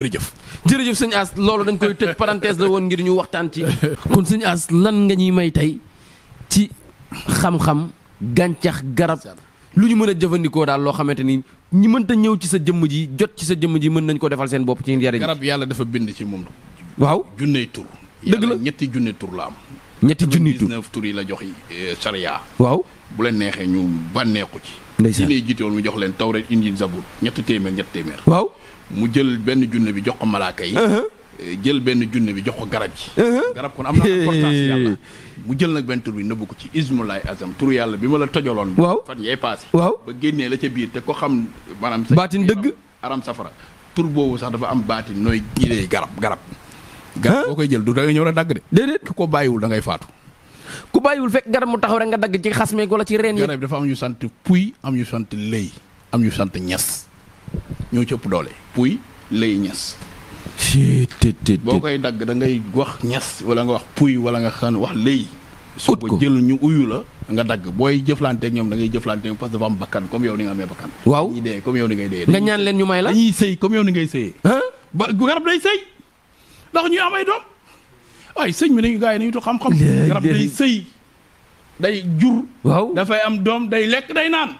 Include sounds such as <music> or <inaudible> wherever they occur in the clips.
jërëjëf jërëjëf sëñ As loolu dañ koy tëj parenthèse la woon ngir ñu waxtaan ci kon sëñ As lan nga ñuy may tey ci xam-xam gàncax garab lu ñu mën a jëfandikoo daal loo xamante ni ñi mënta ñëw ci sa jëmm ji jot ci sa jëmm ji mën nañ ko defal seen bopp ci njariñ garab yàlla dafa bind ci moom waaw junney tur dëgg la ñetti junne tur la am ñetti junni tur 99 tur yi la jox eh, sariya. waaw bu leen neexee ñu bànneeku ci. ndeysaan yi jiite mu jox leen tawret injil zabur ñetti téeméer ñetti téeméer. waaw mu jël benn junne bi jox ko malaaka yi. Uh-huh. Eh, jël benn junne bi jox ko garab ji. Uh-huh. garab kon am <laughs> mu jël nag benn tur bi nëbbu ko ci ismulaay azam tur yàlla bi ma la tojoloon. waaw fan yee paase. waaw ba génnee la ca biir te ko xam. maanaam baatin dëgg aram safara tur boobu sax dafa am baatin nooy jilee garab garab. garab boo koy jël du da ngay ñëw rek dagg de. déedéet ku ko nga dagg ci xas meeg wala ci reen yi. garab dafa am ñu sant puy am ñu sant lëy am ñu sant ñes ñoo ci ëpp doole puy boo koy dagg da ngay wax ñes wala nga wax puy wala nga xam wax lëy. su ko jël ñu uyu la. nga dagg booy jëflanteeg ñoom da ngay jëflanteeg parce que dafa am bakkan comme yow ni nga amee bakkan. waaw ñuy dee comme yow ni ngay dee. nga ñaan leen ñu may la dañuy sëy comme yow ni ngay sëyee. ba garab day sëy ndax ñuy am ay doom ay sëñ bi nañu gars yi nañu tu xam-xam garab day sëy day jur waaw dafay am doom day lekk day naan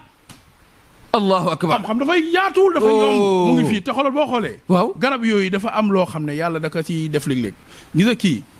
allahu akbar xam-xam dafay yaatuwul dafay yomb oh. mu ngi fii te xoolal boo xoolee waaw garab yooyu dafa am loo xam ne yàlla da ko ci def léeg-léeg gis kii